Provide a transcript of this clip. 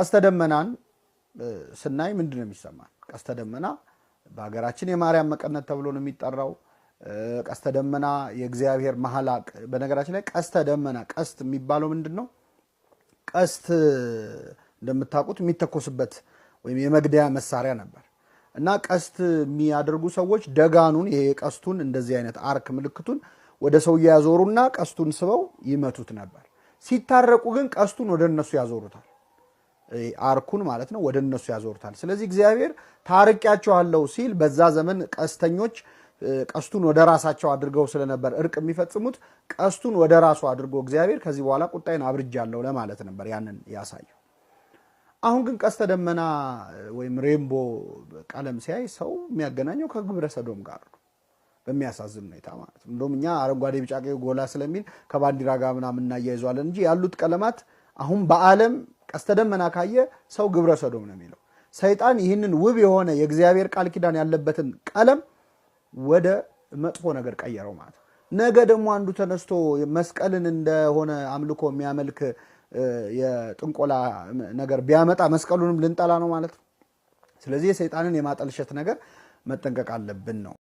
ቀስተ ደመናን ስናይ ምንድን ነው የሚሰማን? ቀስተ ደመና በሀገራችን የማርያም መቀነት ተብሎ ነው የሚጠራው። ቀስተ ደመና የእግዚአብሔር መሀላቅ። በነገራችን ላይ ቀስተ ደመና ቀስት የሚባለው ምንድን ነው? ቀስት እንደምታውቁት የሚተኮስበት ወይም የመግደያ መሳሪያ ነበር እና ቀስት የሚያደርጉ ሰዎች ደጋኑን ይሄ ቀስቱን እንደዚህ አይነት አርክ ምልክቱን ወደ ሰውዬ ያዞሩና ቀስቱን ስበው ይመቱት ነበር። ሲታረቁ ግን ቀስቱን ወደ እነሱ ያዞሩታል። አርኩን ማለት ነው ወደ እነሱ ያዞርታል። ስለዚህ እግዚአብሔር ታርቂያችኋለሁ ሲል በዛ ዘመን ቀስተኞች ቀስቱን ወደ ራሳቸው አድርገው ስለነበር እርቅ የሚፈጽሙት ቀስቱን ወደ ራሱ አድርጎ እግዚአብሔር ከዚህ በኋላ ቁጣይን አብርጃለሁ ለማለት ነበር ያንን ያሳየው። አሁን ግን ቀስተ ደመና ወይም ሬምቦ ቀለም ሲያይ ሰው የሚያገናኘው ከግብረ ሰዶም ጋር ነው። በሚያሳዝን ሁኔታ ማለት ነው። እንደውም እኛ አረንጓዴ፣ ቢጫ፣ ቀይ ጎላ ስለሚል ከባንዲራ ጋር ምናምን እናያይዘዋለን እንጂ ያሉት ቀለማት አሁን በዓለም ቀስተ ደመና ካየ ሰው ግብረ ሰዶም ነው የሚለው። ሰይጣን ይህንን ውብ የሆነ የእግዚአብሔር ቃል ኪዳን ያለበትን ቀለም ወደ መጥፎ ነገር ቀየረው ማለት ነው። ነገ ደግሞ አንዱ ተነስቶ መስቀልን እንደሆነ አምልኮ የሚያመልክ የጥንቆላ ነገር ቢያመጣ መስቀሉንም ልንጠላ ነው ማለት ነው። ስለዚህ የሰይጣንን የማጠልሸት ነገር መጠንቀቅ አለብን ነው።